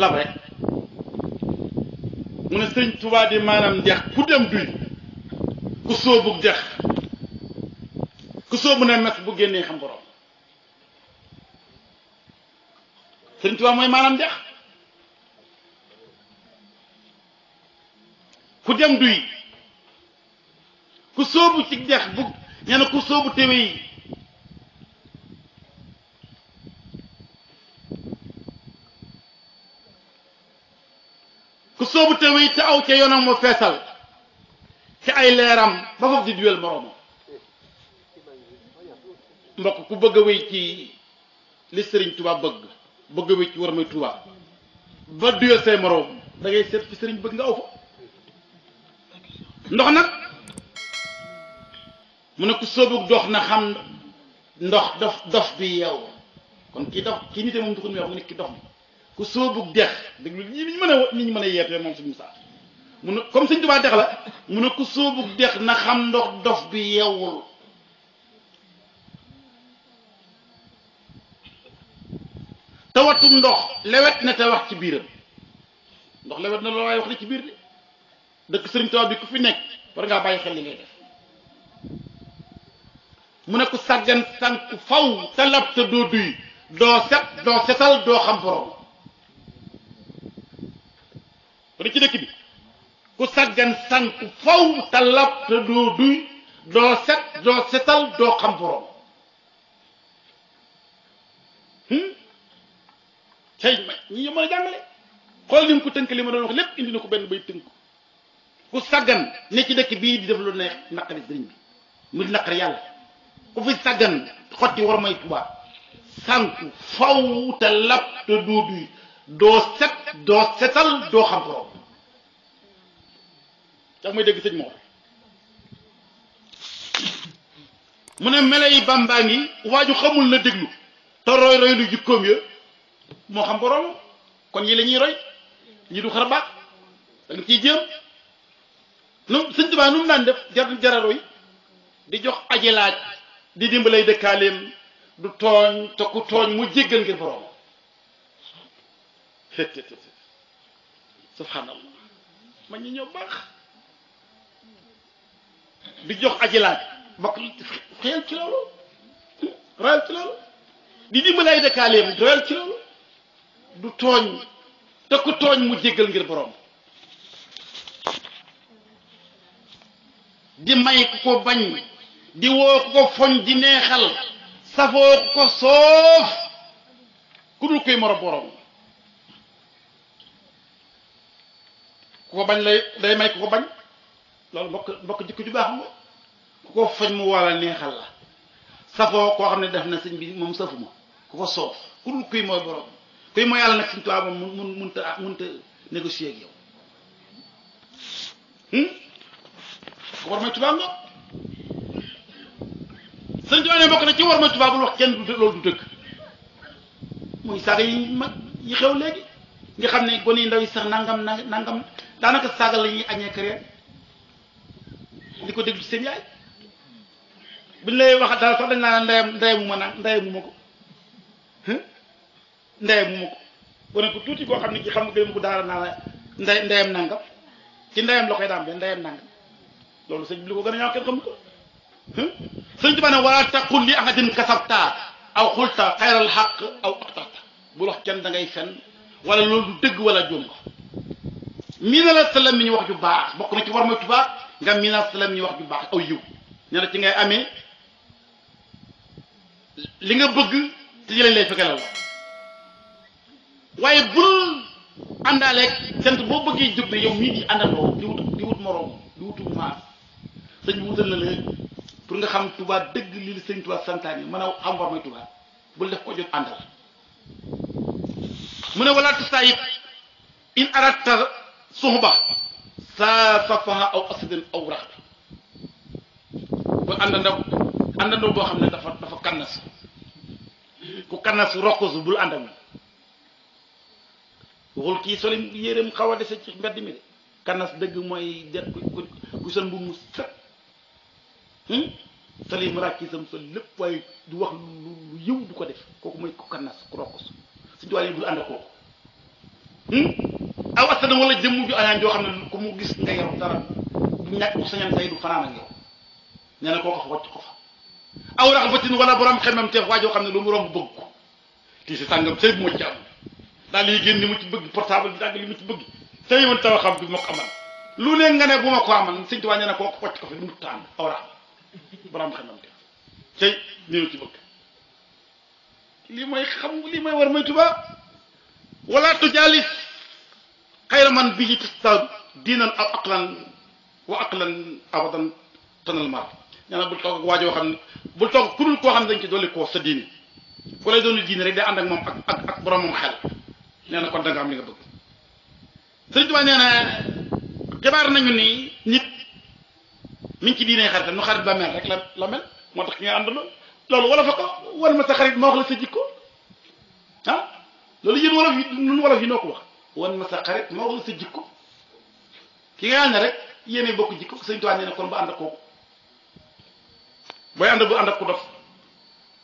lab rek mu ne sëñ Tuubaa di maanaam dex ku dem duy ku sóobug dex ku sóobu ne mes bu génnee xam borom sëñ Tuubaa mooy maanaam dex ku dem duy ku sóobu ci dex bu nee ku sóobu téwe boobu te wéy te aw ca yoonam mu feesal ci ay leeram ba foofu di duwel moroomam mbokk ku bëgg a wéy ci li sëriñ tubaab bëgg bëgg a wéy ci war may Tuubaa ba duwel say moroom da sëriñ bëgg nga aw fa ndox nag mu ne ku sóobug dox na xam ndox dof dof bi yow kon kii dox kii nite moom duxun mi wax mu ne ki dox mi ku sóobu dex déglu faw talab te doo duy doo set doo setal doo xam borom ba dëkk bi ku saggan sànq faw te lab te doo duy xam borom tey hmm? ma ñi mën a jàngale xool mu ko tënk li ma doon lépp indi ko benn bay tënk saggan ne ci dëkk bii di def lu neex naqari sëriñ bi mu di naqari yàlla ku fi saggan xotti war may tubaab sànq faw te lab doo duy doo set doo setal doo xam borom tax may dégg sëñ Mor mu ne mele yi bàmbaa ngi waaju xamul na déglu te roy roy lu jikkoom ya moo xam borom kon ñii lañuy ñuy roy ñi du xar baax da nga jëm jéem nu sëñ Tuubaa nu mu naan def jar jara di jox aji laaj di dimbalay dëkkaaleem du tooñ te tooñ mu jéggal ngir borom subhanallah ma ñëw baax di jox aji laaj mbokk xeel ci loolu royal ci loolu di dimbali ay dëkkaaleem royal ci du tooñ te ku tooñ mu jéggal ngir boroom di may ku ko bañ di woo ku ko foñ di neexal safoo ku ko soof ku dul koy moro borom ku ko bañ lay day may ku ko bañ loolu mbokk mbokk jikko ju baax ma ku ko fañ mu walla neexal la safoo koo xam ne def na sëñ bi moom safu ma ku ko soof ku dul kuy mooy borom kuy mooy yàlla nag suñ tubaab moom mun mun ak yow hmm? ko war mooy tubaab nga sëñ bi ne mbokk na ci war mooy tubaab lu wax kenn du loolu du dëkk muy saaga yi mag yi xew léegi nga xam ne gone yi ndaw yi sax nangam nangam daanaka saaga lañuy ñuy añee kër diko deg ci seigne yaay buñ lay wax dara sax dañ naa ndey ndey mu ma ndey mu mako ko ndey mu mako wane ko tuuti koo xamni ci xam nga ko daara naa la ndey ndeyam nangam ci ndeyam la koy daan be ndeyam nangam loolu seigne bi liko gëna gën a ñaaw kenn xamu ko sëñ Tuubaa ne wala taqul li ahadin kasabta aw xulta xayral xaq aw aqtata bu wax kenn da ngay fenn wala loolu du dëgg wala jóom ko mii na la salam ni wax ju baax bokku na ci war ma tuba nga minaas la mi wax ju baax aw yiw nee na ci ngay amee li nga bëgg te jëlañ lay fekkee la waaye bul àndaaleeg sant boo bëggee jóg ne yow mii di àndandoo di wut di wut moroom di wutu maas sëñ wutal na la pour nga xam Tuubaa dëgg lii sëñ Tuubaa santaane mën a xam war mooy Tuubaa bul def ko jot àndal mu ne wala tustaayib in aratta suxba saafafaha aw asadin aw rax ba àndandoo àndandoo boo xam ne dafa dafa kannas ku kannas rokkusu bul ànd ak kii soli yéreem xaw a dese ci mbedd mi de kannas dëgg mooy der ku ku ku sol mbubb mu set hmm? soli sol lépp waaye du wax lu yiw du ko def kooku mooy ku kannas ku rokkusu suñu yi bul ànd dana wala jëmm ju añaan joo xam ne ku mu gis nga yor dara du ñàkk bu sañan tey du fanaan ak yow nee na kooku wàcc ko fa aw raxbatin wala borom xemam teef waa joo xam ne lu mu romb bëgg ko tii si sàngam sëy bu ma ci am daal yi génn li mu ci bëgg portable bi dagg li mu ci bëgg sëy mën tawa xam bi ma ko lu ne nga ne bu ma ko amal sëñ tuwaa nee na kooku wàcc ko fa lu mu tànn aw raxba borom xemam teef sëy ni mu ci bëgg li may war may wala tu jaalis xayra man bii tasta diinan aw aqlan wa aqlan abadan tanal mar nee na bul toog ak waajoo xam ne bul toog ku dul koo xam ne dañ ci dolli koo sa diini ku lay doon diini rek day ànd ak moom ak ak ak borom moom xel nee na kon da nga am li nga bëgg sëriñ Tuubaa nee na xibaar nañu ni nit mi ngi ci diiney xaritam nu xarit la mel rek la la mel moo tax ki nga ànd loolu wala fa ko wan ma sa xarit ma wax la sa jikko ah loolu yéen wolof yi ñun wolof yi noo ko wax wan ma sa xarit ma wax sa jikko ki nga xam ne rek yéene bokk jikko sëñ Tuubaa nee na kon ba ànd ak kooku booy ànd bu ànd ak ku dof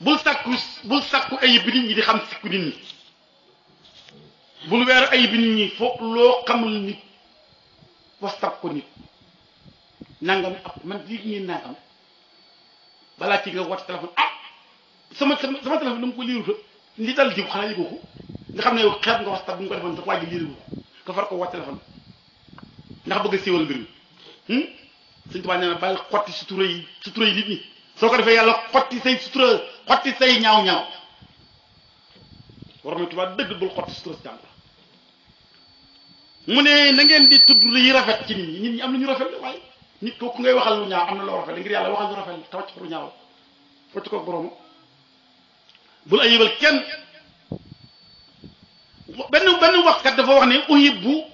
bul sàkku bul sàkku ayib bi nit ñi di xam sikku nit ñi bul weeru ayib bi nit ñi foog loo xamul nit wastab ko nit nangam ab man di ngeen nangam balaa ci nga woote téléphone ah sama sama sama téléphone dama ko liiru li dal jiw xanaa yëgoo ko nga xam ne yow xeet nga waxtaan bu ñu ko defoon sax waa ji liiriwu ndax bëgg a siiwal mbir mi hmm? suñ tubaab nee na bàyyi xotti sutura yi sutura yi nit soo ko defee yàlla xotti say sutura xotti say ñaaw ñaaw war na tubaab dëgg bul xotti sutura si jàmbur mu ne na ngeen di tudd yi rafet ci nit ñi nit ñi am na ñu rafet la waaye nit kooku ngay waxal lu ñaaw am na loo rafet la ngir yàlla waxal lu rafet la te wàcc ko lu ñaaw wàcc ko boroma bul ayibal kenn benn benn waxkat dafa wax ne uhibbu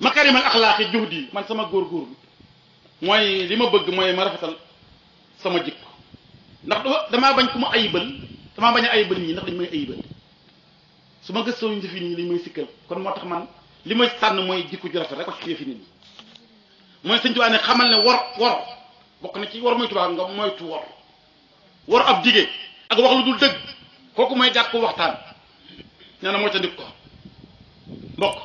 makarimal axlaaqi di man sama góor góor mooy li ma bëgg mooy ma rafetal sama jikk ndax damaa bañ ku ma ayibal damaa bañ a ayibal ñii ndax dañ mooy ayibal su ma gëstoo njëfi nii dañ may sikkal kon moo tax man li ma sànn mooy jikko ju rafet rek wax ci yëfi nit ñi mooy sëñ Tuubaa ne xamal ne wor wor bokk na ci wor moytu baax nga moytu wor ab jigéen ak wax lu dul dëgg kooku mooy jàpp ko waxtaan nee na moo ca ko mbokk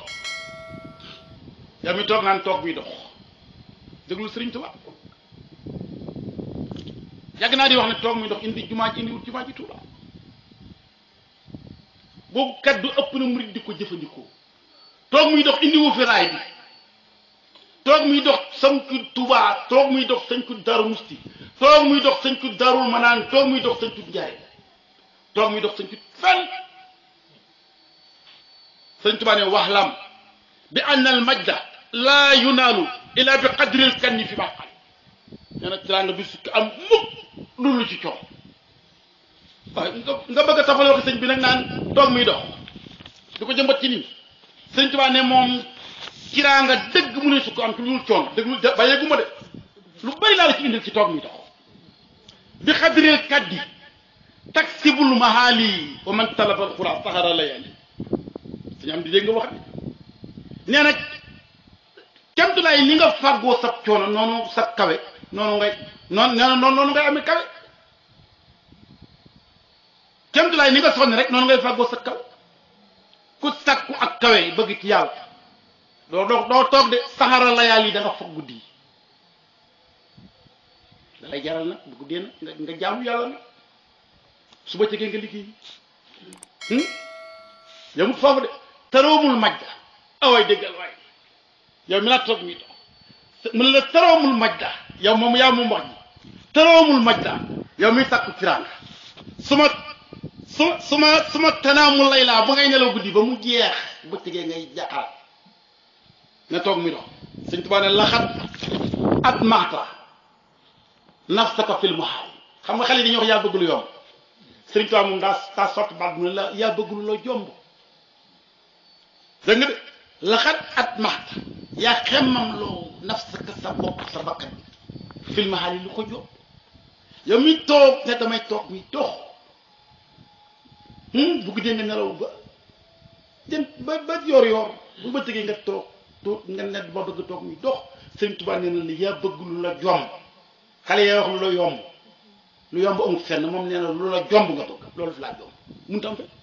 yaa mi toog naan toog buy dox déglul sëriñ Tuubaa yàgg naa di wax ne toog muy dox indi jumaa ji indi wut jumaa ji boobu kaddu ëpp na murit di ko jëfandikoo toog muy dox indi wu fi raay bi toog muy dox sañcu Tuubaa toog muy dox sañcu Daaru Musti toog muy dox sañcu Daarul Manaan toog muy dox sañcu Njaay toog muy dox sañcu fenn sëñ Tuubaa ne wax lam bi anna al majda laa yunaalu illa bi qadril kanni fi baqal nee na teraanga du sukk am mukk lu lu ci coow waaye nga bëgg a tafale wax sëñ bi nag naan toog muy dox di ko jëmbat ci nii sëñ Tuubaa ne moom tiraanga dëgg mu ne su ko am ci lu dul coono dëgg lu bàyyeegu ma de lu bëri laa ci indil ci toog muy dox bi xadril kaddi taksibul mahaali wa man talabal xuraa sahara layaali suñu am di dégg nga wax nee na kemtulaay li nga fàggoo sab coono noonu sa kawe noonu ngay noonu nee na noonu ngay amee kawe kemtulaay li nga sonn rek noonu ngay fàggoo sa kawe ku sàkku ak kawe bëgg ci doo doo toog de saxara layaal yi da nga foog guddi yi da lay jaral bu guddee nag nga jaamu yàlla nag suba ci nga liggéey hmm? yamut foofu de تروم المجد أو يدقل واي يوم لا تضميد من تروم المجد يوم يوم مجد تروم المجد يوم تكفران سمت suma suma tanaamu lay laa ba ngay nelaw guddi ba mu jeex bëccëgee ngay jaaxal ne toog mi dox sëñ tubaa ne laxat at maxta nafsaka fil muhaal xam nga xale yi dañuy wax yaa bëgg lu yomb sëriñ tubaa moom daa daa sotti baat mu ne la yaa bëgg lu la jomb dégg nga de laxat at maxta yaa xemmam loo nafsaka sa bopp sa bakkan filma xaalis lu ko jóg yow mi toog ne damay toog mi dox bu guddee nga nelaw ba jën ba ba yor yor bu ba tëgee nga toog toog nga ne dama bëgg toog mi dox sëñ Tuubaa nee na la yaa bëgg lu la jomb xale yaa wax lu la yomb lu yomb amul fenn moom nee na lu la jomb nga bëgg loolu fi laa jomb mun tam fe